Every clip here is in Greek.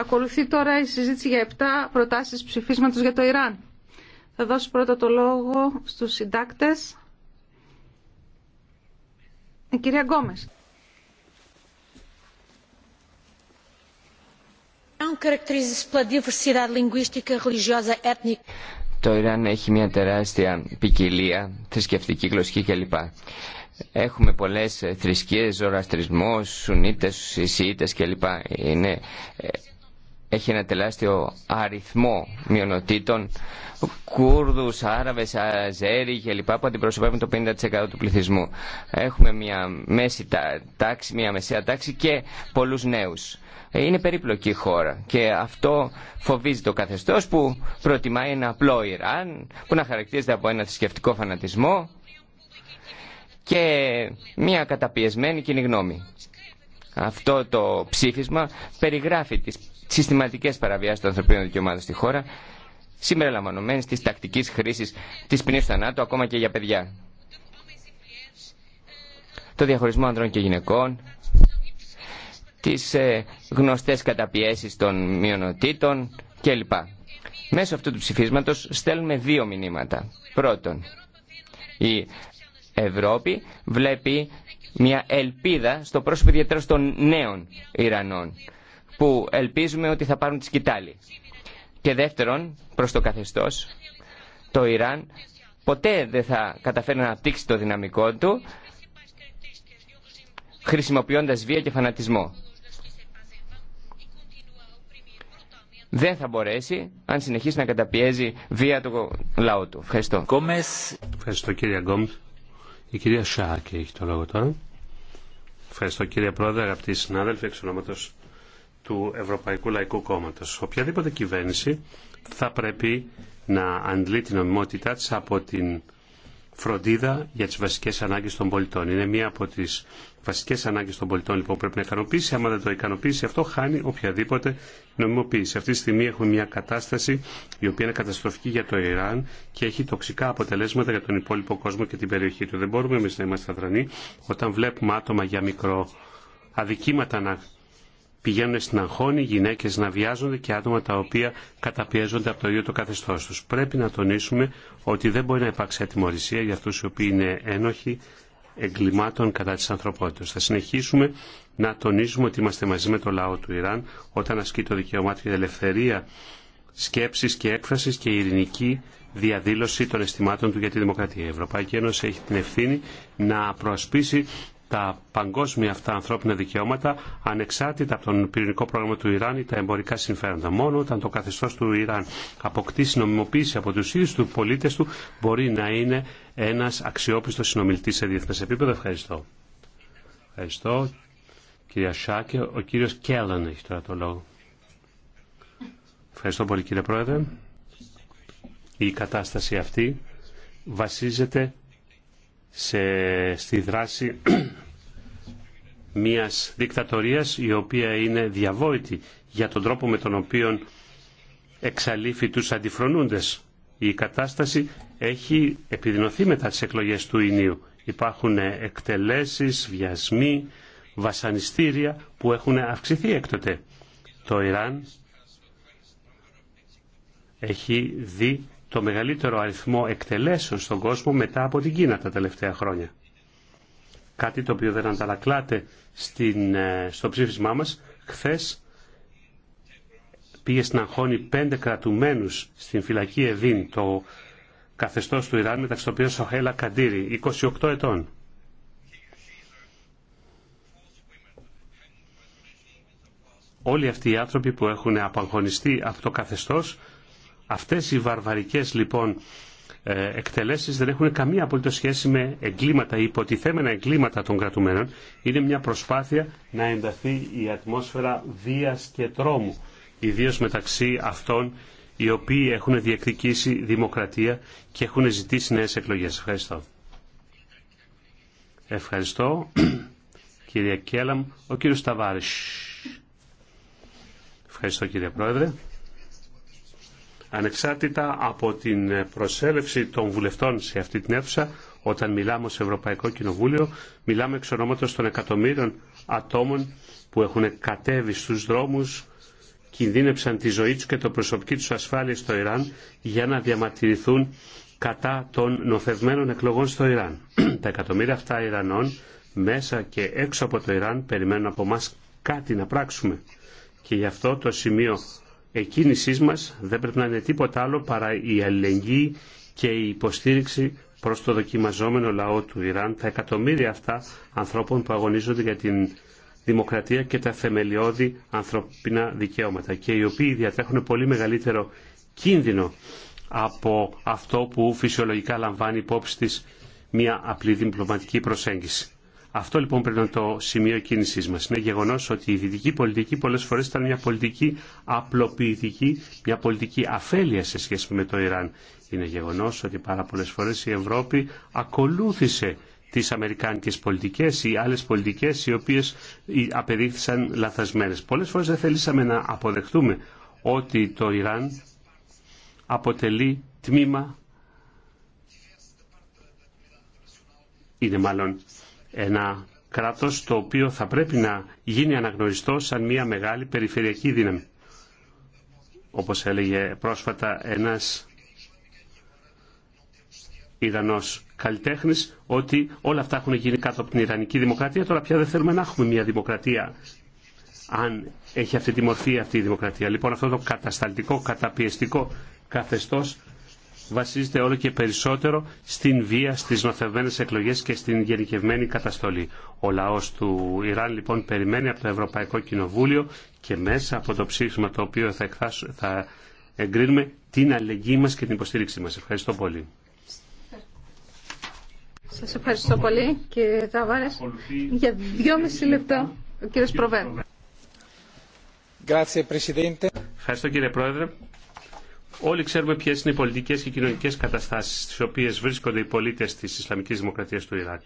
Ακολουθεί τώρα η συζήτηση για 7 προτάσεις ψηφίσματος για το Ιράν. Θα δώσω πρώτα το λόγο στους συντάκτες. Η κυρία Γκόμες. Το Ιράν έχει μια τεράστια ποικιλία, θρησκευτική, γλωσσική κλπ. Έχουμε πολλές θρησκείες, ζωραστρισμός, σουνίτες, ισίτες κλπ. Είναι ε, έχει ένα τεράστιο αριθμό μειονοτήτων, Κούρδους, Άραβες, Αζέρι κλπ. λοιπά που αντιπροσωπεύουν το 50% του πληθυσμού. Έχουμε μια μέση τάξη, μια μεσαία τάξη και πολλού νέου. Είναι περίπλοκη η χώρα και αυτό φοβίζει το καθεστώς που προτιμάει ένα απλό Ιράν που να χαρακτηρίζεται από ένα θρησκευτικό φανατισμό και μια καταπιεσμένη κοινή γνώμη. Αυτό το ψήφισμα περιγράφει τις συστηματικές παραβιάσεις των ανθρωπίνων δικαιωμάτων στη χώρα, σήμερα τη της τακτικής χρήσης της ποινής θανάτου, ακόμα και για παιδιά. Το διαχωρισμό ανδρών και γυναικών, τις ε, γνωστές καταπιέσεις των μειονοτήτων κλπ. Μέσω αυτού του ψηφίσματος στέλνουμε δύο μηνύματα. Πρώτον, η Ευρώπη βλέπει μια ελπίδα στο πρόσωπο ιδιαίτερα των νέων Ιρανών που ελπίζουμε ότι θα πάρουν τη σκητάλη. Και δεύτερον, προς το καθεστώς, το Ιράν ποτέ δεν θα καταφέρει να αναπτύξει το δυναμικό του χρησιμοποιώντας βία και φανατισμό. Δεν θα μπορέσει αν συνεχίσει να καταπιέζει βία το λαό του. Ευχαριστώ. Ευχαριστώ κύριε Η κυρία Σάκη το λόγο συνάδελφοι, εξ ονόματος του Ευρωπαϊκού Λαϊκού Κόμματος. Οποιαδήποτε κυβέρνηση θα πρέπει να αντλεί την ομιμότητά της από την φροντίδα για τις βασικές ανάγκες των πολιτών. Είναι μία από τις βασικές ανάγκες των πολιτών λοιπόν, που πρέπει να ικανοποιήσει. Άμα δεν το ικανοποιήσει αυτό χάνει οποιαδήποτε νομιμοποίηση. Αυτή τη στιγμή έχουμε μια κατάσταση η οποία είναι καταστροφική για το Ιράν και έχει τοξικά αποτελέσματα για τον υπόλοιπο κόσμο και την περιοχή του. Δεν μπορούμε εμεί να είμαστε αδρανοί όταν βλέπουμε άτομα για μικρό αδικήματα να πηγαίνουν στην αγχώνη, γυναίκες να βιάζονται και άτομα τα οποία καταπιέζονται από το ίδιο το καθεστώς τους. Πρέπει να τονίσουμε ότι δεν μπορεί να υπάρξει ατιμορρησία για αυτούς οι οποίοι είναι ένοχοι εγκλημάτων κατά της ανθρωπότητας. Θα συνεχίσουμε να τονίζουμε ότι είμαστε μαζί με το λαό του Ιράν όταν ασκεί το δικαίωμά του ελευθερία σκέψης και έκφρασης και ειρηνική διαδήλωση των αισθημάτων του για τη δημοκρατία. Η Ευρωπαϊκή Ένωση έχει την ευθύνη να προασπίσει τα παγκόσμια αυτά ανθρώπινα δικαιώματα ανεξάρτητα από τον πυρηνικό πρόγραμμα του Ιράν ή τα εμπορικά συμφέροντα. Μόνο όταν το καθεστώ του Ιράν αποκτήσει νομιμοποίηση από του ίδιου του πολίτε του μπορεί να είναι ένα αξιόπιστο συνομιλητή σε διεθνέ επίπεδο. Ευχαριστώ. Ευχαριστώ. Κυρία Σάκε, ο κύριος Κέλλαν έχει τώρα το λόγο. Ευχαριστώ πολύ κύριε Πρόεδρε. Η κατάσταση αυτή ο κύριο κελλαν εχει τωρα το λογο ευχαριστω πολυ κυριε προεδρε η κατασταση αυτη βασιζεται σε, στη δράση μιας δικτατορίας η οποία είναι διαβόητη για τον τρόπο με τον οποίο εξαλείφει τους αντιφρονούντες. Η κατάσταση έχει επιδεινωθεί μετά τις εκλογές του Ινίου. Υπάρχουν εκτελέσεις, βιασμοί, βασανιστήρια που έχουν αυξηθεί έκτοτε. Το Ιράν έχει δει το μεγαλύτερο αριθμό εκτελέσεων στον κόσμο μετά από την Κίνα τα τελευταία χρόνια. Κάτι το οποίο δεν αντανακλάται στην, ε, στο ψήφισμά μας. Χθες πήγε στην αγχώνη πέντε κρατουμένους στην φυλακή Εδίν, το καθεστώς του Ιράν, μεταξύ των οποίων Σοχέλα Καντήρη, 28 ετών. Όλοι αυτοί οι άνθρωποι που έχουν απαγχωνιστεί από το καθεστώς Αυτές οι βαρβαρικές λοιπόν ε, εκτελέσεις δεν έχουν καμία απολύτως σχέση με εγκλήματα ή υποτιθέμενα εγκλήματα των κρατουμένων. Είναι μια προσπάθεια να ενταθεί η ατμόσφαιρα βίας και τρόμου, ιδίως μεταξύ αυτών οι οποίοι έχουν διεκδικήσει δημοκρατία και έχουν ζητήσει νέες εκλογές. Ευχαριστώ. Ευχαριστώ. Κυρία Κέλαμ, ο κύριος Σταβάρης. Ευχαριστώ κύριε Πρόεδρε ανεξάρτητα από την προσέλευση των βουλευτών σε αυτή την αίθουσα, όταν μιλάμε ως Ευρωπαϊκό Κοινοβούλιο, μιλάμε εξ ονόματος των εκατομμύριων ατόμων που έχουν κατέβει στους δρόμους, κινδύνεψαν τη ζωή τους και το προσωπική τους ασφάλεια στο Ιράν για να διαμαρτυρηθούν κατά των νοθευμένων εκλογών στο Ιράν. Τα εκατομμύρια αυτά Ιρανών μέσα και έξω από το Ιράν περιμένουν από εμά κάτι να πράξουμε. Και γι' αυτό το σημείο εκκίνησή μας δεν πρέπει να είναι τίποτα άλλο παρά η αλληλεγγύη και η υποστήριξη προς το δοκιμαζόμενο λαό του Ιράν, τα εκατομμύρια αυτά ανθρώπων που αγωνίζονται για την δημοκρατία και τα θεμελιώδη ανθρωπινά δικαιώματα και οι οποίοι διατρέχουν πολύ μεγαλύτερο κίνδυνο από αυτό που φυσιολογικά λαμβάνει υπόψη της μια απλή διπλωματική προσέγγιση. Αυτό λοιπόν πρέπει να είναι το σημείο κίνησή μα. Είναι γεγονό ότι η δυτική πολιτική πολλέ φορέ ήταν μια πολιτική απλοποιητική, μια πολιτική αφέλεια σε σχέση με το Ιράν. Είναι γεγονό ότι πάρα πολλέ φορέ η Ευρώπη ακολούθησε τι αμερικάνικε πολιτικέ ή άλλε πολιτικέ οι οποίε απεδείχθησαν λαθασμένε. Πολλέ φορέ δεν θέλησαμε να αποδεχτούμε ότι το Ιράν αποτελεί τμήμα είναι μάλλον ένα κράτος το οποίο θα πρέπει να γίνει αναγνωριστό σαν μια μεγάλη περιφερειακή δύναμη. Όπως έλεγε πρόσφατα ένας ιδανός καλλιτέχνης ότι όλα αυτά έχουν γίνει κάτω από την Ιρανική Δημοκρατία. Τώρα πια δεν θέλουμε να έχουμε μια δημοκρατία αν έχει αυτή τη μορφή αυτή η δημοκρατία. Λοιπόν αυτό το κατασταλτικό, καταπιεστικό καθεστώς βασίζεται όλο και περισσότερο στην βία στις νοθευμένες εκλογές και στην γενικευμένη καταστολή. Ο λαός του Ιράν λοιπόν περιμένει από το Ευρωπαϊκό Κοινοβούλιο και μέσα από το ψήφισμα το οποίο θα, θα εγκρίνουμε την αλληλεγγύη μας και την υποστήριξή μας. Ευχαριστώ πολύ. Σας ευχαριστώ πολύ κύριε Ταβάρες. Για δυόμιση λεπτά ο κύριος Ευχαριστώ κύριε Πρόεδρε. Όλοι ξέρουμε ποιε είναι οι πολιτικέ και κοινωνικέ καταστάσει στι οποίε βρίσκονται οι πολίτε τη Ισλαμική Δημοκρατία του Ιράκ.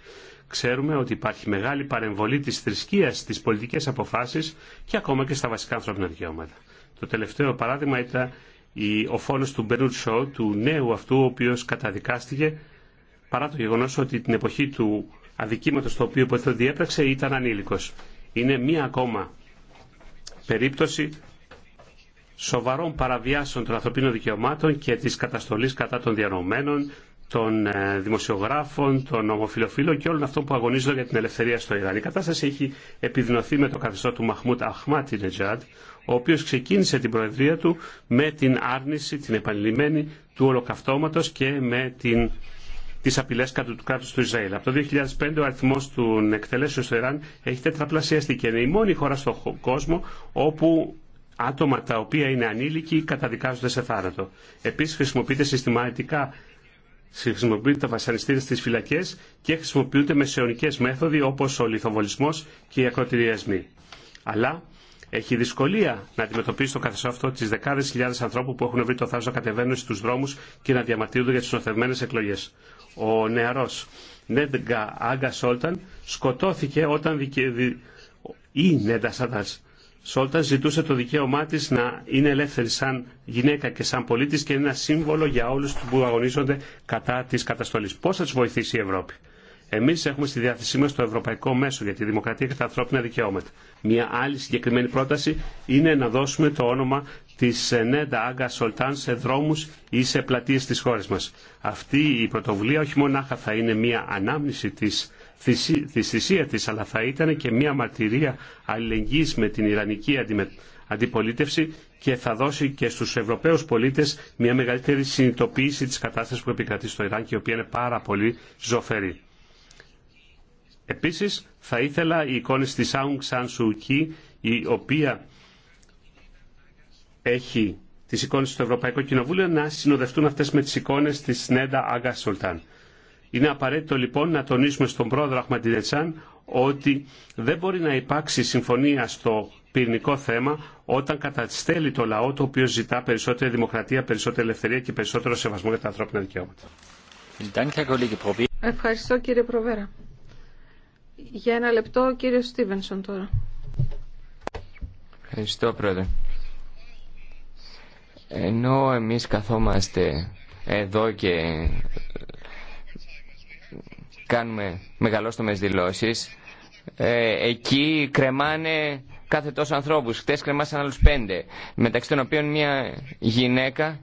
Ξέρουμε ότι υπάρχει μεγάλη παρεμβολή τη θρησκεία στι πολιτικέ αποφάσει και ακόμα και στα βασικά ανθρώπινα δικαιώματα. Το τελευταίο παράδειγμα ήταν ο φόνο του Μπενούτ Σό, του νέου αυτού, ο οποίο καταδικάστηκε παρά το γεγονό ότι την εποχή του αδικήματο το οποίο υποθέτω διέπραξε ήταν ανήλικο. Είναι μία ακόμα περίπτωση σοβαρών παραβιάσεων των ανθρωπίνων δικαιωμάτων και της καταστολής κατά των διανομένων, των ε, δημοσιογράφων, των ομοφιλοφίλων και όλων αυτών που αγωνίζονται για την ελευθερία στο Ιράν. Η κατάσταση έχει επιδεινωθεί με το καθεστώ του Μαχμούτ Αχμάτι Νετζάντ, ο οποίο ξεκίνησε την προεδρία του με την άρνηση, την επανειλημμένη του ολοκαυτώματο και με την τι απειλέ κατά του κράτου του Ισραήλ. Από το 2005 ο αριθμό των εκτελέσεων στο Ιράν έχει τετραπλασιαστεί και είναι η μόνη χώρα στον κόσμο όπου άτομα τα οποία είναι ανήλικοι καταδικάζονται σε θάνατο. Επίσης χρησιμοποιείται συστηματικά χρησιμοποιούνται τα βασανιστήρια στις φυλακές και χρησιμοποιούνται μεσαιωνικές μέθοδοι όπως ο λιθοβολισμός και οι ακροτηριασμοί. Αλλά έχει δυσκολία να αντιμετωπίσει το καθεστώ αυτό τι δεκάδε χιλιάδε ανθρώπων που έχουν βρει το θάρρο να κατεβαίνουν στου δρόμου και να διαμαρτύρονται για τι νοθευμένε εκλογέ. Ο νεαρό Νέντγκα Άγκα Σόλταν σκοτώθηκε όταν δικαι... ή Νέντα Σολτάν ζητούσε το δικαίωμά τη να είναι ελεύθερη σαν γυναίκα και σαν πολίτη και είναι ένα σύμβολο για όλους που αγωνίζονται κατά τη καταστολή. Πώ θα του βοηθήσει η Ευρώπη. Εμεί έχουμε στη διάθεσή μα το Ευρωπαϊκό Μέσο για τη Δημοκρατία και τα Ανθρώπινα Δικαιώματα. Μια άλλη συγκεκριμένη πρόταση είναι να δώσουμε το όνομα τη Νέντα Άγκα Σολτάν σε δρόμου ή σε πλατείε τη χώρα μα. Αυτή η πρωτοβουλία όχι μονάχα θα είναι μια ανάμνηση τη θυσία της, αλλά θα ήταν και μια μαρτυρία αλληλεγγύης με την Ιρανική αντιπολίτευση και θα δώσει και στους Ευρωπαίους πολίτες μια μεγαλύτερη συνειδητοποίηση της κατάστασης που επικρατεί στο Ιράν και η οποία είναι πάρα πολύ ζωφερή. Επίσης, θα ήθελα οι εικόνες της Aung San Suu η οποία έχει τις εικόνες του Ευρωπαϊκού Κοινοβούλιο, να συνοδευτούν αυτές με τις εικόνες της Νέντα Άγκα Σουλτάν. Είναι απαραίτητο λοιπόν να τονίσουμε στον πρόεδρο Αχματιδετσάν ότι δεν μπορεί να υπάρξει συμφωνία στο πυρηνικό θέμα όταν καταστέλει το λαό το οποίο ζητά περισσότερη δημοκρατία, περισσότερη ελευθερία και περισσότερο σεβασμό για τα ανθρώπινα δικαιώματα. Ευχαριστώ κύριε Προβέρα. Για ένα λεπτό ο κύριος Στίβενσον τώρα. Ευχαριστώ πρόεδρε. Ενώ εμείς καθόμαστε εδώ και κάνουμε μεγαλόστομες δηλώσεις, ε, εκεί κρεμάνε κάθε τόσο ανθρώπους. Χτες κρεμάσαν άλλους πέντε, μεταξύ των οποίων μια γυναίκα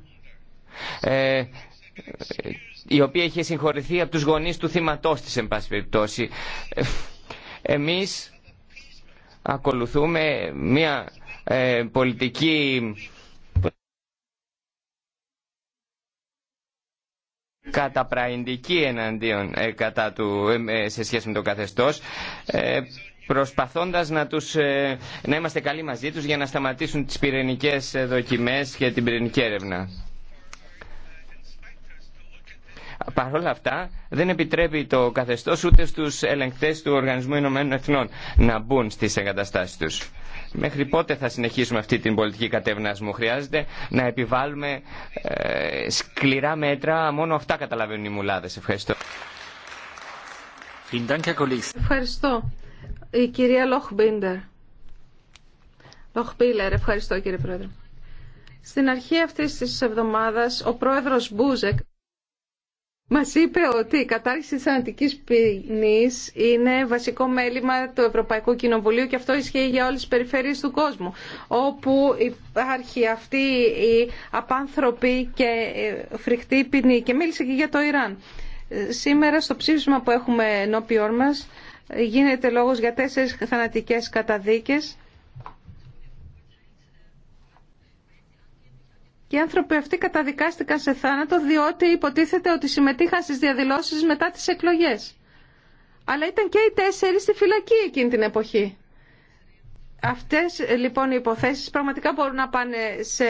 ε, η οποία είχε συγχωρηθεί από τους γονείς του θύματός της, εν πάση περιπτώσει. Εμείς ακολουθούμε μια ε, πολιτική καταπραϊντική εναντίον ε, κατά του, ε, σε σχέση με το καθεστώς ε, προσπαθώντας να, ε, να είμαστε καλοί μαζί τους για να σταματήσουν τις πυρηνικές ε, δοκιμές και την πυρηνική έρευνα. Παρ' όλα αυτά δεν επιτρέπει το καθεστώς ούτε στους ελεγκτές του Οργανισμού Ηνωμένων Εθνών να μπουν στις εγκαταστάσεις τους. Μέχρι πότε θα συνεχίσουμε αυτή την πολιτική κατευνασμού. Χρειάζεται να επιβάλλουμε ε, σκληρά μέτρα. Μόνο αυτά καταλαβαίνουν οι μουλάδες. Ευχαριστώ. Ευχαριστώ. Η κυρία Λοχμπίντερ. Λοχμπίλερ. Ευχαριστώ κύριε Πρόεδρε. Στην αρχή αυτής της εβδομάδας ο πρόεδρος Μπούζεκ Μα είπε ότι η κατάργηση τη θανατικής ποινή είναι βασικό μέλημα του Ευρωπαϊκού Κοινοβουλίου και αυτό ισχύει για όλε τι περιφερειε του κόσμου, όπου υπάρχει αυτή η απάνθρωπη και ε, φρικτή ποινή. Και μίλησε και για το Ιράν. Σήμερα στο ψήφισμα που έχουμε ενώπιόν μα, γίνεται λόγο για τέσσερι θανατικές καταδίκες Και οι άνθρωποι αυτοί καταδικάστηκαν σε θάνατο διότι υποτίθεται ότι συμμετείχαν στις διαδηλώσεις μετά τις εκλογές. Αλλά ήταν και οι τέσσερις στη φυλακή εκείνη την εποχή. Αυτές λοιπόν οι υποθέσεις πραγματικά μπορούν να πάνε σε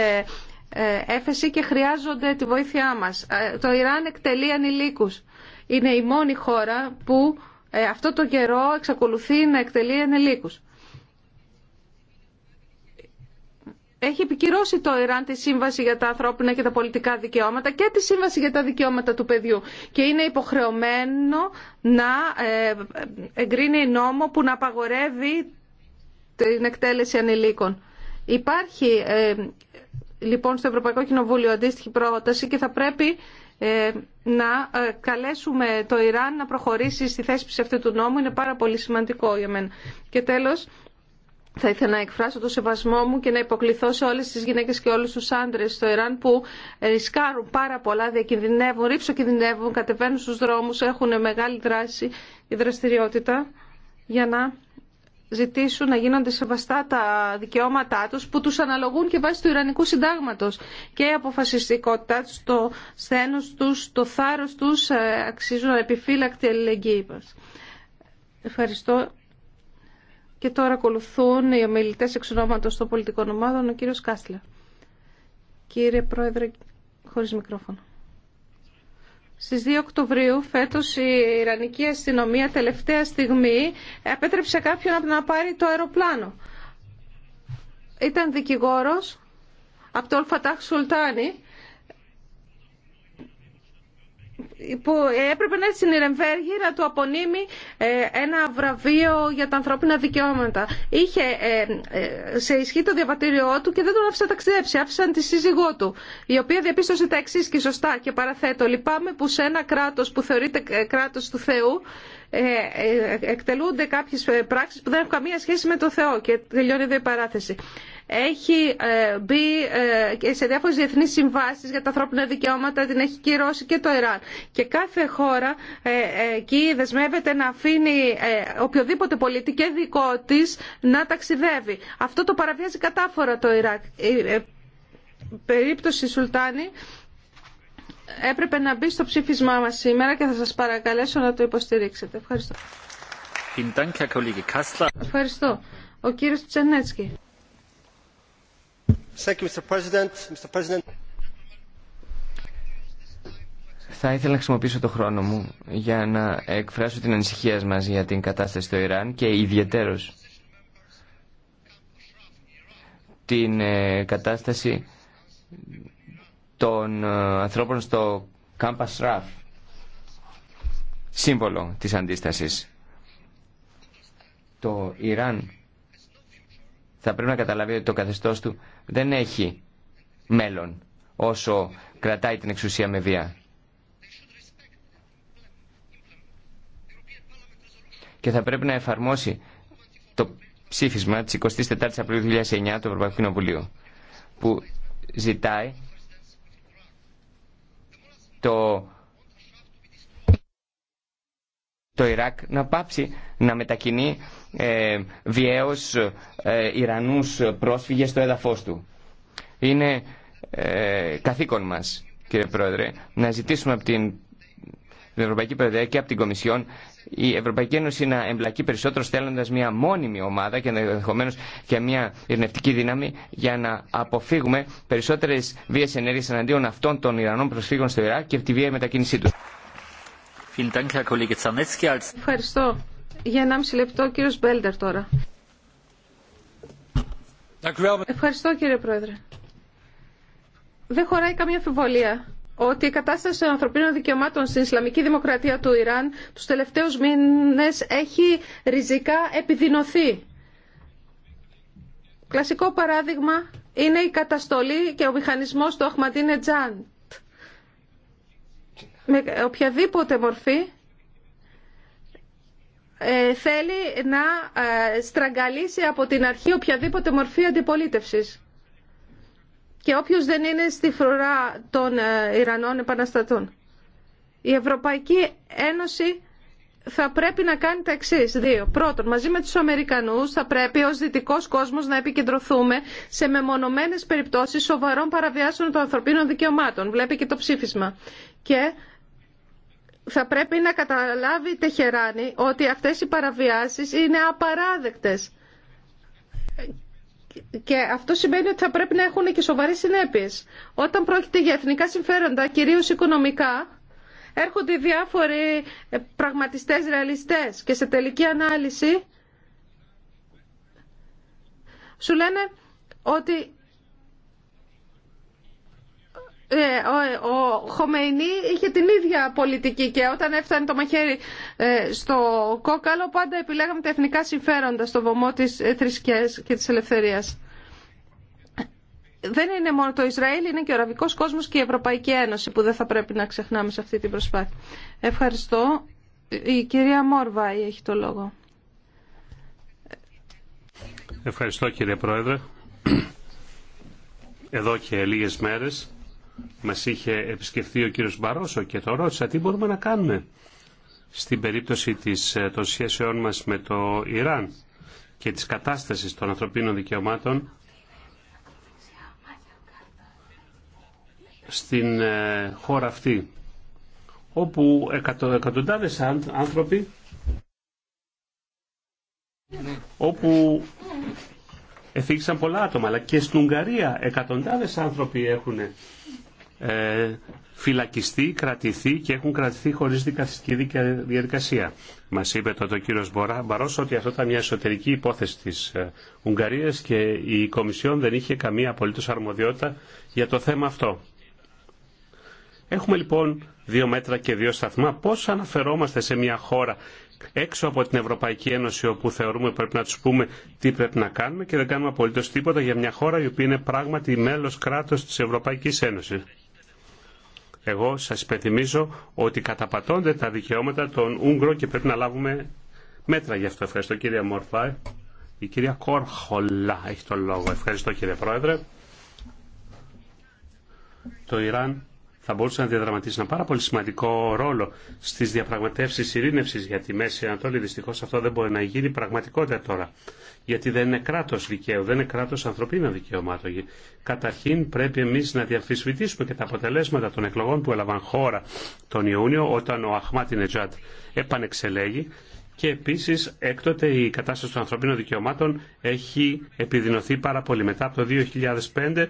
ε, έφεση και χρειάζονται τη βοήθειά μας. Ε, το Ιράν εκτελεί ανηλίκους. Είναι η μόνη χώρα που ε, αυτό το καιρό εξακολουθεί να εκτελεί ανηλίκους. έχει επικυρώσει το Ιράν τη Σύμβαση για τα Ανθρώπινα και τα Πολιτικά Δικαιώματα και τη Σύμβαση για τα Δικαιώματα του Παιδιού και είναι υποχρεωμένο να ε, εγκρίνει νόμο που να απαγορεύει την εκτέλεση ανηλίκων. Υπάρχει ε, λοιπόν στο Ευρωπαϊκό Κοινοβούλιο αντίστοιχη πρόταση και θα πρέπει ε, να καλέσουμε το Ιράν να προχωρήσει στη θέση αυτού του νόμου. Είναι πάρα πολύ σημαντικό για μένα. Και τέλος, θα ήθελα να εκφράσω το σεβασμό μου και να υποκληθώ σε όλες τις γυναίκες και όλους τους άντρες στο Ιράν που ρισκάρουν πάρα πολλά, διακινδυνεύουν, ρίψο κινδυνεύουν, κατεβαίνουν στους δρόμους, έχουν μεγάλη δράση η δραστηριότητα για να ζητήσουν να γίνονται σεβαστά τα δικαιώματά τους που τους αναλογούν και βάσει του Ιρανικού Συντάγματος και η αποφασιστικότητά στο το τους, το θάρρος τους ε, αξίζουν επιφύλακτη αλληλεγγύη μας. Ευχαριστώ. Και τώρα ακολουθούν οι ομιλητέ εξ ονόματο των πολιτικών ομάδων, ο κύριος Κάστλα. Κύριε Πρόεδρε, χωρίς μικρόφωνο. Στις 2 Οκτωβρίου φέτος η Ιρανική αστυνομία τελευταία στιγμή επέτρεψε κάποιον να πάρει το αεροπλάνο. Ήταν δικηγόρος από το Ολφατάχ Σουλτάνη που έπρεπε να έρθει στην Ιρεμβέργη να του απονείμει ε, ένα βραβείο για τα ανθρώπινα δικαιώματα. Είχε ε, ε, σε ισχύ το διαβατήριό του και δεν τον άφησαν ταξιδέψει. Άφησαν τη σύζυγό του, η οποία διαπίστωσε τα εξή και σωστά και παραθέτω. Λυπάμαι που σε ένα κράτο που θεωρείται κράτο του Θεού εκτελούνται κάποιε πράξει που δεν έχουν καμία σχέση με το Θεό. Και τελειώνει εδώ η παράθεση έχει ε, μπει ε, σε διάφορε διεθνεί συμβάσεις για τα ανθρώπινα δικαιώματα, την έχει κυρώσει και το Ιράν. Και κάθε χώρα ε, εκεί δεσμεύεται να αφήνει οποιοδήποτε πολίτη και δικό τη να ταξιδεύει. Αυτό το παραβιάζει κατάφορα το Ιράκ. Η περίπτωση Σουλτάνη έπρεπε να μπει στο ψήφισμά μας σήμερα και θα σας παρακαλέσω να το υποστηρίξετε. Ευχαριστώ. Ευχαριστώ. Ο κύριος Τσενέτσκι. Θα ήθελα να χρησιμοποιήσω το χρόνο μου για να εκφράσω την ανησυχία μας για την κατάσταση στο Ιράν και ιδιαίτερος την ε, κατάσταση των ε, ανθρώπων στο Κάμπα Σραφ, σύμβολο της αντίστασης. Το Ιράν θα πρέπει να καταλάβει ότι το καθεστώς του δεν έχει μέλλον όσο κρατάει την εξουσία με βία. Και θα πρέπει να εφαρμόσει το ψήφισμα της 24 η Απριλίου 2009 του Ευρωπαϊκού Κοινοβουλίου που ζητάει το το Ιράκ να πάψει να μετακινεί ε, βιαίως ε, Ιρανούς πρόσφυγες στο έδαφος του. Είναι ε, καθήκον μας, κύριε Πρόεδρε, να ζητήσουμε από την, Ευρωπαϊκή Προεδρία και από την Κομισιόν η Ευρωπαϊκή Ένωση να εμπλακεί περισσότερο στέλνοντα μια μόνιμη ομάδα και ενδεχομένω και μια ειρνευτική δύναμη για να αποφύγουμε περισσότερε βίε ενέργειε εναντίον αυτών των Ιρανών προσφύγων στο Ιράκ και τη βία μετακίνησή του. Ευχαριστώ. Για 1,5 λεπτό ο κύριος Μπέλντερ τώρα. Ευχαριστώ κύριε Πρόεδρε. Δεν χωράει καμία αμφιβολία ότι η κατάσταση των ανθρωπίνων δικαιωμάτων στην Ισλαμική Δημοκρατία του Ιράν τους τελευταίους μήνες έχει ριζικά επιδεινωθεί. Κλασικό παράδειγμα είναι η καταστολή και ο μηχανισμός του Αχμαντίνε Τζάν με οποιαδήποτε μορφή ε, θέλει να ε, στραγγαλίσει από την αρχή οποιαδήποτε μορφή αντιπολίτευσης. Και όποιος δεν είναι στη φρουρά των ε, Ιρανών επαναστατών. Η Ευρωπαϊκή Ένωση θα πρέπει να κάνει τα εξή δύο. Πρώτον, μαζί με τους Αμερικανούς θα πρέπει ως δυτικός κόσμος να επικεντρωθούμε σε μεμονωμένες περιπτώσεις σοβαρών παραβιάσεων των ανθρωπίνων δικαιωμάτων. Βλέπει και το ψήφισμα. Και θα πρέπει να καταλάβει η Τεχεράνη ότι αυτές οι παραβιάσεις είναι απαράδεκτες. Και αυτό σημαίνει ότι θα πρέπει να έχουν και σοβαρές συνέπειες. Όταν πρόκειται για εθνικά συμφέροντα, κυρίως οικονομικά, έρχονται διάφοροι πραγματιστές ρεαλιστές και σε τελική ανάλυση σου λένε ότι ε, ο Χομεϊνή είχε την ίδια πολιτική και όταν έφτανε το μαχαίρι ε, στο κόκαλο πάντα επιλέγαμε τα εθνικά συμφέροντα στο βωμό της θρησκείας και της ελευθερίας. Δεν είναι μόνο το Ισραήλ, είναι και ο Αραβικός κόσμος και η Ευρωπαϊκή Ένωση που δεν θα πρέπει να ξεχνάμε σε αυτή την προσπάθεια. Ευχαριστώ. Η κυρία Μόρβα έχει το λόγο. Ευχαριστώ κύριε Πρόεδρε. Εδώ και λίγες μέρες μας είχε επισκεφθεί ο κύριος Μπαρόσο και το ρώτησα τι μπορούμε να κάνουμε στην περίπτωση της, ε, των σχέσεών μας με το Ιράν και της κατάστασης των ανθρωπίνων δικαιωμάτων στην ε, χώρα αυτή όπου εκατο, εκατοντάδες άνθρωποι όπου εφήγησαν πολλά άτομα αλλά και στην Ουγγαρία εκατοντάδες άνθρωποι έχουν ε, φυλακιστεί, κρατηθεί και έχουν κρατηθεί χωρίς δικαστική διαδικασία. Μας είπε τότε ο κύριος Μπαρός ότι αυτό ήταν μια εσωτερική υπόθεση της ε, Ουγγαρίας και η Κομισιόν δεν είχε καμία απολύτως αρμοδιότητα για το θέμα αυτό. Έχουμε λοιπόν δύο μέτρα και δύο σταθμά. Πώς αναφερόμαστε σε μια χώρα έξω από την Ευρωπαϊκή Ένωση όπου θεωρούμε πρέπει να τους πούμε τι πρέπει να κάνουμε και δεν κάνουμε απολύτως τίποτα για μια χώρα η οποία είναι πράγματι μέλος κράτος της Ευρωπαϊκής Ένωσης. Εγώ σας υπενθυμίζω ότι καταπατώνται τα δικαιώματα των Ούγγρων και πρέπει να λάβουμε μέτρα γι' αυτό. Ευχαριστώ κύριε Μορφάη. Η κυρία Κόρχολα έχει τον λόγο. Ευχαριστώ κύριε Πρόεδρε. Το Ιράν θα μπορούσε να διαδραματίσει ένα πάρα πολύ σημαντικό ρόλο στι διαπραγματεύσει ειρήνευση για τη Μέση Ανατολή. Δυστυχώ αυτό δεν μπορεί να γίνει πραγματικότητα τώρα. Γιατί δεν είναι κράτο δικαίου, δεν είναι κράτο ανθρωπίνων δικαιωμάτων. Καταρχήν πρέπει εμεί να διαφυσβητήσουμε και τα αποτελέσματα των εκλογών που έλαβαν χώρα τον Ιούνιο όταν ο Αχμάτι Νετζάτ επανεξελέγει και επίση, έκτοτε η κατάσταση των ανθρωπίνων δικαιωμάτων έχει επιδεινωθεί πάρα πολύ. Μετά από το 2005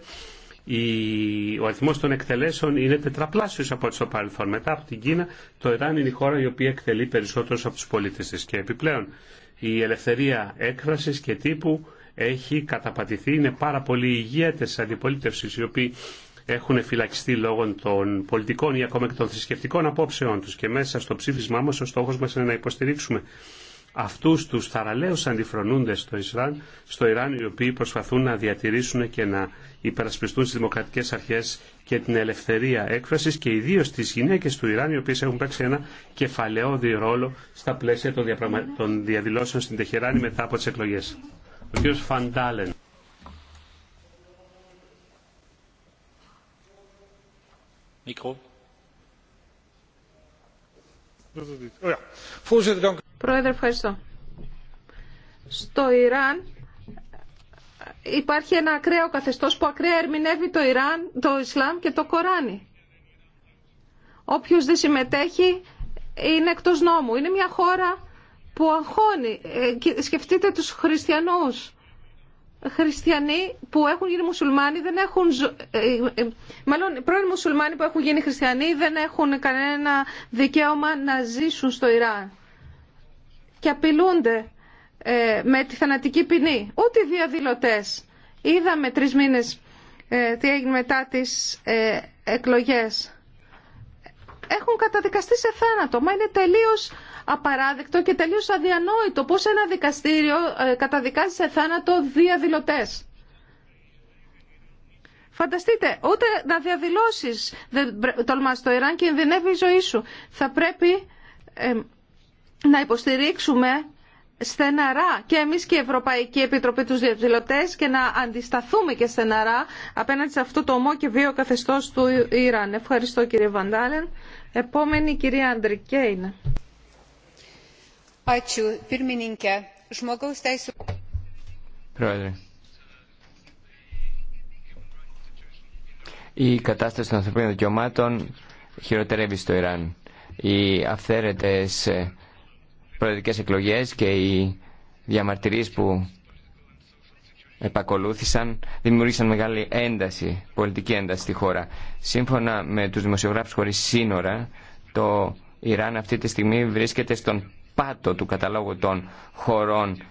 ο αριθμός των εκτελέσεων είναι τετραπλάσιος από ό,τι στο παρελθόν. Μετά από την Κίνα, το Ιράν είναι η χώρα η οποία εκτελεί περισσότερους από τους πολίτες της. Και επιπλέον, η ελευθερία έκφρασης και τύπου έχει καταπατηθεί. Είναι πάρα πολλοί υγιέτες αντιπολίτευσης οι οποίοι έχουν φυλακιστεί λόγω των πολιτικών ή ακόμα και των θρησκευτικών απόψεών τους. Και μέσα στο ψήφισμά μας ο στόχος μας είναι να υποστηρίξουμε αυτούς τους θαραλέους αντιφρονούντες στο, Ισραήλ, στο Ιράν οι οποίοι προσπαθούν να διατηρήσουν και να υπερασπιστούν τις δημοκρατικές αρχές και την ελευθερία έκφρασης και ιδίως τις γυναίκες του Ιράν οι οποίες έχουν παίξει ένα κεφαλαιόδη ρόλο στα πλαίσια των, διαδηλώσεων στην Τεχεράνη μετά από τις εκλογές. Ο κ. Φαντάλεν. Πρόεδρε, ευχαριστώ. Στο Ιράν υπάρχει ένα ακραίο καθεστώς που ακραία ερμηνεύει το Ιράν, το Ισλάμ και το Κοράνι. Όποιος δεν συμμετέχει είναι εκτός νόμου. Είναι μια χώρα που αγχώνει. Ε, σκεφτείτε τους χριστιανούς χριστιανοί που έχουν γίνει μουσουλμάνοι δεν έχουν ε, ε, μάλλον πρώην μουσουλμάνοι που έχουν γίνει χριστιανοί δεν έχουν κανένα δικαίωμα να ζήσουν στο Ιράν και απειλούνται ε, με τη θανατική ποινή ούτε διαδηλωτές είδαμε τρεις μήνες τι έγινε μετά τις εκλογές έχουν καταδικαστεί σε θάνατο μα είναι τελείως απαράδεκτο και τελείως αδιανόητο πώς ένα δικαστήριο ε, καταδικάζει σε θάνατο διαδηλωτέ. Φανταστείτε, ούτε να διαδηλώσει δεν τολμά το Ιράν και ενδυνεύει η ζωή σου. Θα πρέπει ε, να υποστηρίξουμε στεναρά και εμείς και η Ευρωπαϊκή Επιτροπή τους Διαδηλωτές και να αντισταθούμε και στεναρά απέναντι σε αυτό το ομό και βίο καθεστώς του Ιράν. Ευχαριστώ κύριε Βαντάλεν. Επόμενη κυρία Αντρικέιν. Η κατάσταση των ανθρωπίνων δικαιωμάτων χειροτερεύει στο Ιράν. Οι αυθαίρετες ε, προεδρικές εκλογές και οι διαμαρτυρίες που επακολούθησαν δημιούργησαν μεγάλη ένταση, πολιτική ένταση στη χώρα. Σύμφωνα με τους δημοσιογράφους χωρίς σύνορα, το Ιράν αυτή τη στιγμή βρίσκεται στον πάτο του καταλόγου των χωρών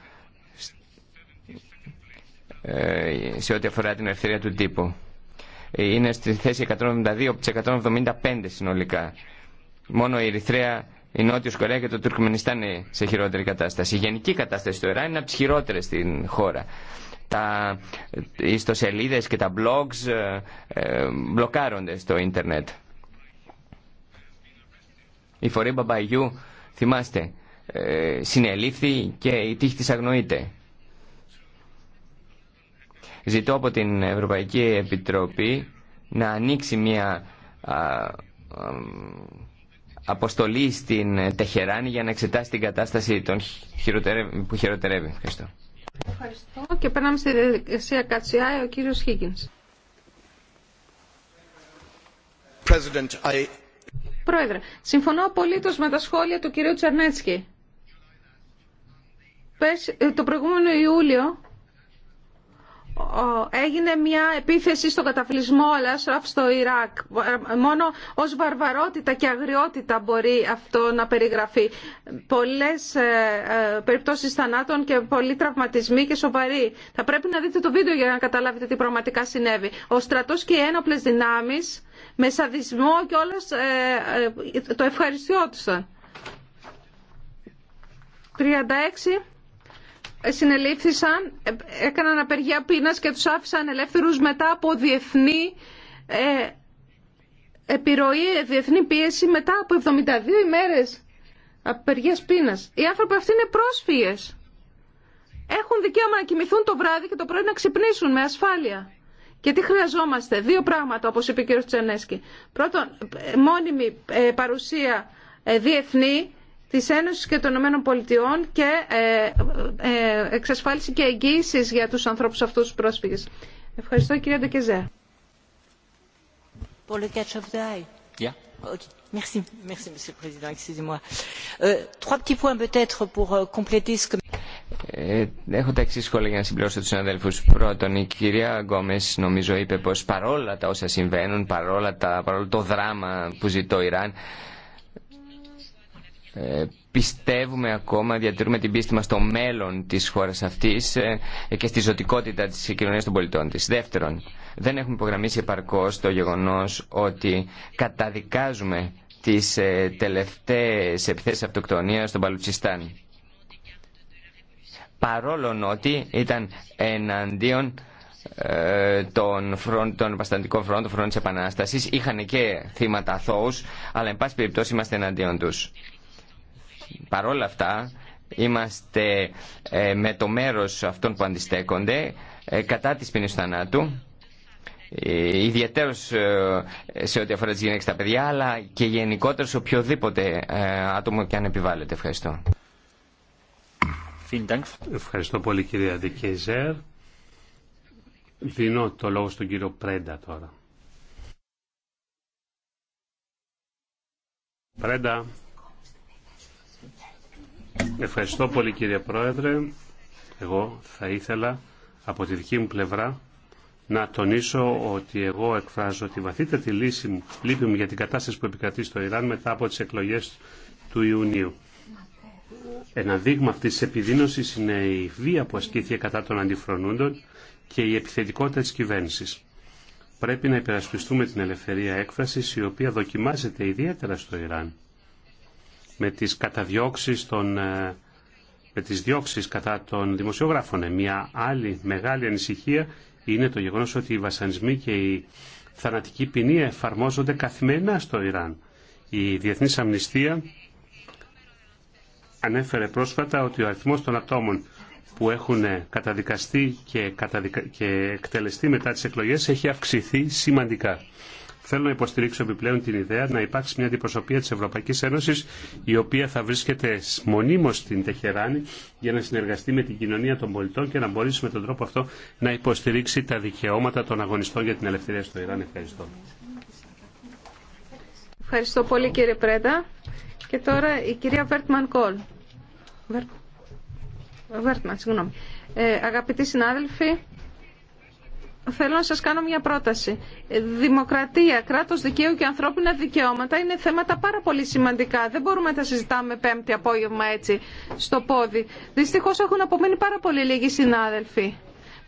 ε, σε ό,τι αφορά την ελευθερία του τύπου. Είναι στη θέση 172 από 175 συνολικά. Μόνο η Ερυθρέα, η Νότιο Κορέα και το Τουρκμενιστάν είναι σε χειρότερη κατάσταση. Η γενική κατάσταση του Ιράν είναι από τι χειρότερε στην χώρα. Τα ιστοσελίδε και τα blogs ε, ε, μπλοκάρονται στο ίντερνετ. Η φορή Μπαμπαγιού, θυμάστε, ε, συνελήφθη και η τύχη της αγνοείται. Ζητώ από την Ευρωπαϊκή Επιτροπή να ανοίξει μια αποστολή στην Τεχεράνη για να εξετάσει την κατάσταση των που χειροτερεύει. Ευχαριστώ. Ευχαριστώ και περνάμε στη διαδικασία ο κύριος Χίγκινς. Πρόεδρε, συμφωνώ απολύτως με τα σχόλια του κυρίου Τσαρνέτσκι ε, το προηγούμενο Ιούλιο έγινε μια επίθεση στον καταφλισμό Αλάσραφ στο Ιράκ. Μόνο ως βαρβαρότητα και αγριότητα μπορεί αυτό να περιγραφεί. Πολλές ε, ε, περιπτώσεις θανάτων και πολλοί τραυματισμοί και σοβαροί. Θα πρέπει να δείτε το βίντεο για να καταλάβετε τι πραγματικά συνέβη. Ο στρατός και οι ένοπλες δυνάμεις με σαδισμό και όλες το ευχαριστιόντουσαν. 36 συνελήφθησαν, έκαναν απεργία πίνας και τους άφησαν ελεύθερους μετά από διεθνή ε, επιρροή, διεθνή πίεση μετά από 72 ημέρες απεργίας πείνας. Οι άνθρωποι αυτοί είναι πρόσφυγες. Έχουν δικαίωμα να κοιμηθούν το βράδυ και το πρωί να ξυπνήσουν με ασφάλεια. Και τι χρειαζόμαστε. Δύο πράγματα, όπως είπε ο κ. Τσενέσκη. Πρώτον, ε, μόνιμη ε, παρουσία ε, διεθνή Τη Ένωση και των Ηνωμένων Πολιτειών και ε, ε, ε, εξασφάλιση και εγγύηση για του ανθρώπου αυτού του πρόσφυγε. Ευχαριστώ κυρία Ντεκεζέ. Okay. Merci. Merci, Monsieur le Président. Excusez-moi. Euh, trois petits points peut-être pour euh, compléter ce que... Έχω τα εξή σχόλια για να συμπληρώσω του συναδέλφου. Πρώτον, η κυρία Γκόμε νομίζω είπε πω παρόλα τα όσα συμβαίνουν, παρόλα τα, παρόλο το δράμα που ζητώ Ιράν, ε, πιστεύουμε ακόμα, διατηρούμε την πίστη μας στο μέλλον της χώρας αυτής ε, και στη ζωτικότητα της κοινωνίας των πολιτών της. Δεύτερον, δεν έχουμε υπογραμμίσει επαρκώς το γεγονός ότι καταδικάζουμε τις ε, τελευταίες επιθέσεις αυτοκτονίας στον Παλουτσιστάν. Παρόλο ότι ήταν εναντίον των, φρον, των βασταντικών φρόνων, των φρόνων της Επανάστασης, είχαν και θύματα αθώους, αλλά εν πάση περιπτώσει είμαστε εναντίον τους παρόλα αυτά είμαστε ε, με το μέρος αυτών που αντιστέκονται ε, κατά της ποινής θανάτου ε, ε, σε ό,τι αφορά τις γυναίκες και τα παιδιά αλλά και γενικότερα σε οποιοδήποτε άτομο και αν επιβάλλεται. Ευχαριστώ. Ευχαριστώ πολύ κυρία Αντικέζερ. Δίνω το λόγο στον κύριο Πρέντα τώρα. Πρέντα. Ευχαριστώ πολύ κύριε Πρόεδρε. Εγώ θα ήθελα από τη δική μου πλευρά να τονίσω ότι εγώ εκφράζω τη βαθύτατη λύση μου, λύπη μου για την κατάσταση που επικρατεί στο Ιράν μετά από τις εκλογές του Ιουνίου. Ένα δείγμα αυτής της επιδείνωσης είναι η βία που ασκήθηκε κατά των αντιφρονούντων και η επιθετικότητα της κυβέρνησης. Πρέπει να υπερασπιστούμε την ελευθερία έκφρασης η οποία δοκιμάζεται ιδιαίτερα στο Ιράν με τις καταδιώξεις ε, με διώξεις κατά των δημοσιογράφων. Ε, μια άλλη μεγάλη ανησυχία είναι το γεγονός ότι οι βασανισμοί και η θανατική ποινή εφαρμόζονται καθημερινά στο Ιράν. Η Διεθνής Αμνηστία ανέφερε πρόσφατα ότι ο αριθμός των ατόμων που έχουν ε, καταδικαστεί και, καταδικα... και εκτελεστεί μετά τις εκλογές έχει αυξηθεί σημαντικά. Θέλω να υποστηρίξω επιπλέον την ιδέα να υπάρξει μια αντιπροσωπεία τη Ευρωπαϊκή Ένωση, η οποία θα βρίσκεται μονίμω στην Τεχεράνη για να συνεργαστεί με την κοινωνία των πολιτών και να μπορέσει με τον τρόπο αυτό να υποστηρίξει τα δικαιώματα των αγωνιστών για την ελευθερία στο Ιράν. Ευχαριστώ. Ευχαριστώ πολύ κύριε Πρέντα. Και τώρα η κυρία Βέρτμαν Κόλ. Βέρτμαν, Ε, αγαπητοί συνάδελφοι, Θέλω να σας κάνω μια πρόταση. Δημοκρατία, κράτος δικαίου και ανθρώπινα δικαιώματα είναι θέματα πάρα πολύ σημαντικά. Δεν μπορούμε να τα συζητάμε πέμπτη απόγευμα έτσι στο πόδι. Δυστυχώς έχουν απομείνει πάρα πολύ λίγοι συνάδελφοι.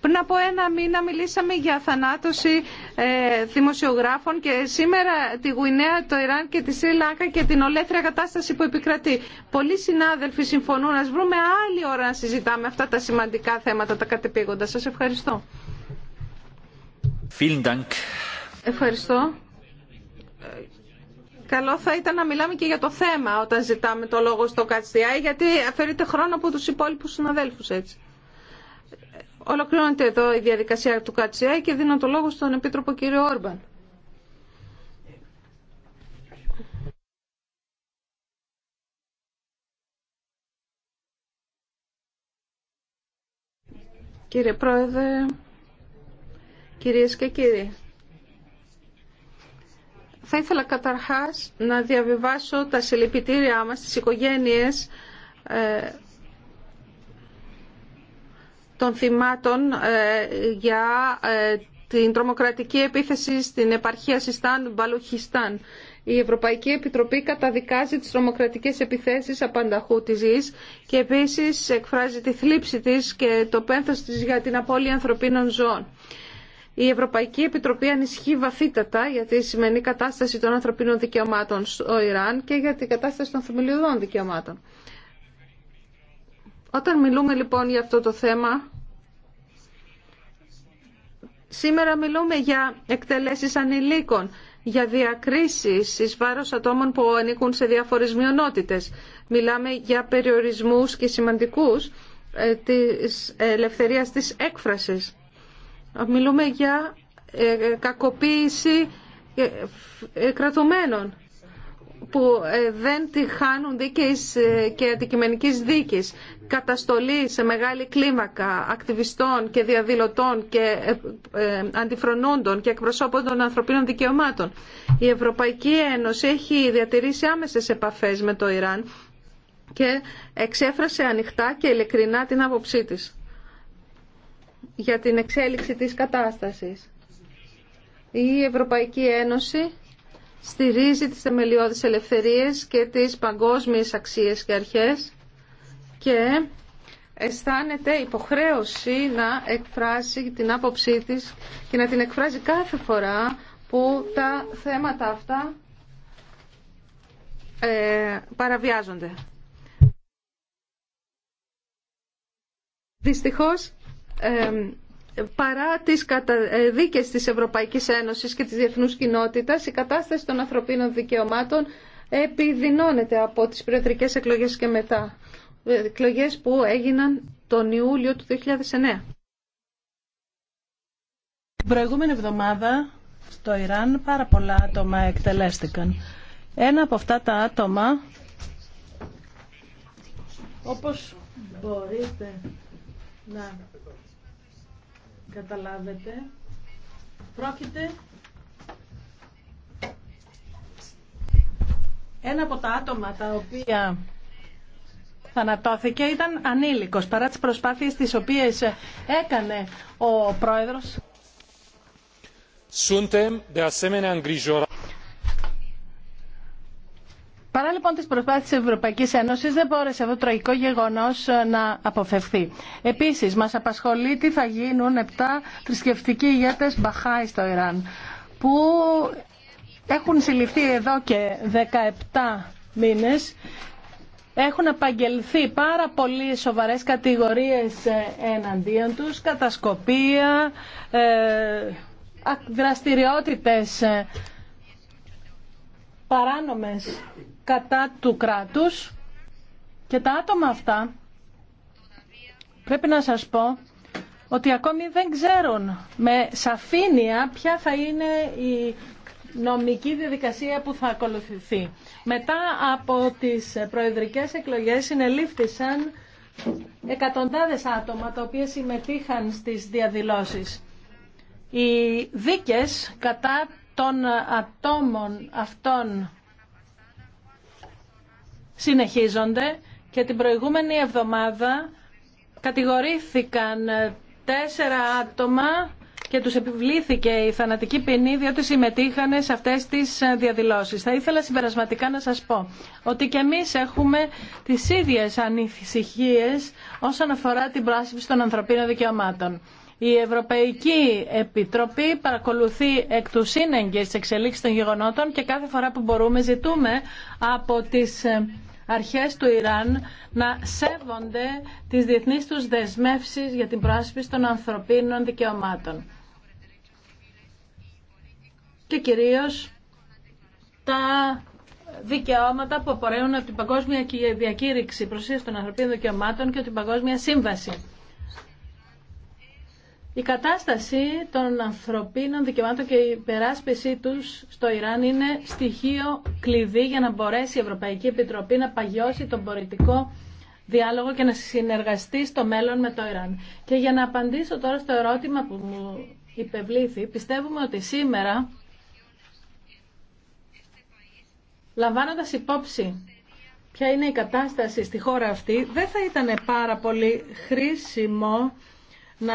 Πριν από ένα μήνα μιλήσαμε για θανάτωση ε, δημοσιογράφων και σήμερα τη Γουινέα, το Ιράν και τη Σιλάκα και την ολέθρια κατάσταση που επικρατεί. Πολλοί συνάδελφοι συμφωνούν. Ας βρούμε άλλη ώρα να συζητάμε αυτά τα σημαντικά θέματα, τα κατεπήγοντα. Σας ευχαριστώ. Ευχαριστώ. Καλό θα ήταν να μιλάμε και για το θέμα όταν ζητάμε το λόγο στο ΚΑΤΣΙΑΙ, γιατί αφαιρείται χρόνο από τους υπόλοιπους συναδέλφους έτσι. Ολοκληρώνεται εδώ η διαδικασία του ΚΑΤΣΙΑΙ και δίνω το λόγο στον Επίτροπο κύριο Όρμπαν. Κύριε Πρόεδρε, Κυρίες και κύριοι, θα ήθελα καταρχάς να διαβιβάσω τα συλληπιτήριά μας στις οικογένειες ε, των θυμάτων ε, για ε, την τρομοκρατική επίθεση στην επαρχία Σιστάν, Μπαλουχιστάν. Η Ευρωπαϊκή Επιτροπή καταδικάζει τις τρομοκρατικές επιθέσεις απανταχού της και επίσης εκφράζει τη θλίψη της και το πένθος της για την απώλεια ανθρωπίνων ζώων η Ευρωπαϊκή Επιτροπή ανισχύει βαθύτατα για τη σημερινή κατάσταση των ανθρωπίνων δικαιωμάτων στο Ιράν και για την κατάσταση των θεμελιωδών δικαιωμάτων. Όταν μιλούμε λοιπόν για αυτό το θέμα, σήμερα μιλούμε για εκτελέσεις ανηλίκων, για διακρίσεις εις βάρος ατόμων που ανήκουν σε διάφορες μειονότητες. Μιλάμε για περιορισμούς και σημαντικούς ε, της ελευθερίας της έκφρασης. Μιλούμε για ε, κακοποίηση ε, ε, κρατουμένων που δεν τη χάνουν δίκαιης και αντικειμενικής δίκης, καταστολή σε μεγάλη κλίμακα ακτιβιστών και διαδηλωτών και αντιφρονούντων και εκπροσώπων των ανθρωπίνων δικαιωμάτων. Η Ευρωπαϊκή Ένωση έχει διατηρήσει άμεσες επαφές με το Ιράν και εξέφρασε ανοιχτά και ειλικρινά την άποψή της για την εξέλιξη της κατάστασης. Η Ευρωπαϊκή Ένωση στηρίζει τις θεμελιώδεις ελευθερίες και τις παγκόσμιες αξίες και αρχές και αισθάνεται υποχρέωση να εκφράσει την άποψή της και να την εκφράζει κάθε φορά που τα θέματα αυτά ε, παραβιάζονται. Δυστυχώς παρά τις ε, δίκες της Ευρωπαϊκής Ένωσης και της διεθνούς κοινότητας, η κατάσταση των ανθρωπίνων δικαιωμάτων επιδεινώνεται από τις προεδρικές εκλογές και μετά. Ε, εκλογές που έγιναν τον Ιούλιο του 2009. Την προηγούμενη εβδομάδα στο Ιράν πάρα πολλά άτομα εκτελέστηκαν. Ένα από αυτά τα άτομα, όπως μπορείτε να καταλάβετε. Πρόκειται ένα από τα άτομα τα οποία θανατώθηκε ήταν ανήλικος παρά τις προσπάθειες τις οποίες έκανε ο πρόεδρος. Suntem προσπάθειες της Ευρωπαϊκής Ένωσης δεν μπόρεσε αυτό το τραγικό γεγονός ε, να αποφευθεί. Επίσης, μας απασχολεί τι θα γίνουν 7 θρησκευτικοί ηγέτες Μπαχάη στο Ιράν, που έχουν συλληφθεί εδώ και 17 μήνες έχουν απαγγελθεί πάρα πολύ σοβαρές κατηγορίες ε, εναντίον τους, κατασκοπία, ε, δραστηριότητες παράνομες κατά του κράτους και τα άτομα αυτά πρέπει να σας πω ότι ακόμη δεν ξέρουν με σαφήνεια ποια θα είναι η νομική διαδικασία που θα ακολουθηθεί. Μετά από τις προεδρικές εκλογές συνελήφθησαν εκατοντάδες άτομα τα οποία συμμετείχαν στις διαδηλώσεις. Οι δίκες κατά των ατόμων αυτών συνεχίζονται και την προηγούμενη εβδομάδα κατηγορήθηκαν ε, τέσσερα άτομα και τους επιβλήθηκε η θανατική ποινή διότι συμμετείχαν σε αυτές τις ε, διαδηλώσεις. Θα ήθελα συμπερασματικά να σας πω ότι και εμείς έχουμε τις ίδιες ανησυχίες όσον αφορά την πράσινη των ανθρωπίνων δικαιωμάτων. Η Ευρωπαϊκή Επιτροπή παρακολουθεί εκ του σύνεγγες τις εξελίξεις των γεγονότων και κάθε φορά που μπορούμε ζητούμε από τις ε, αρχές του Ιράν να σέβονται τις διεθνείς τους δεσμεύσεις για την προάσπιση των ανθρωπίνων δικαιωμάτων. Και κυρίως τα δικαιώματα που απορρέουν από την Παγκόσμια Διακήρυξη Προσίας των Ανθρωπίνων Δικαιωμάτων και την Παγκόσμια Σύμβαση. Η κατάσταση των ανθρωπίνων δικαιωμάτων και η περάσπιση τους στο Ιράν είναι στοιχείο κλειδί για να μπορέσει η Ευρωπαϊκή Επιτροπή να παγιώσει τον πολιτικό διάλογο και να συνεργαστεί στο μέλλον με το Ιράν. Και για να απαντήσω τώρα στο ερώτημα που μου υπευλήθη, πιστεύουμε ότι σήμερα, λαμβάνοντας υπόψη ποια είναι η κατάσταση στη χώρα αυτή, δεν θα ήταν πάρα πολύ χρήσιμο να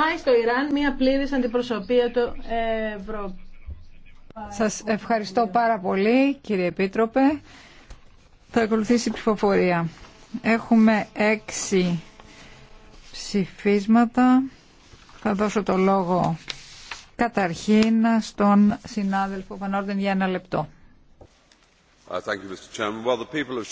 πάει στο Ιράν μια πλήρης αντιπροσωπεία του Ευρώπη. Σας ευχαριστώ πάρα πολύ κύριε Επίτροπε. Θα ακολουθήσει η ψηφοφορία. Έχουμε έξι ψηφίσματα. Θα δώσω το λόγο καταρχήν στον συνάδελφο Βανόρδεν για ένα λεπτό. Uh,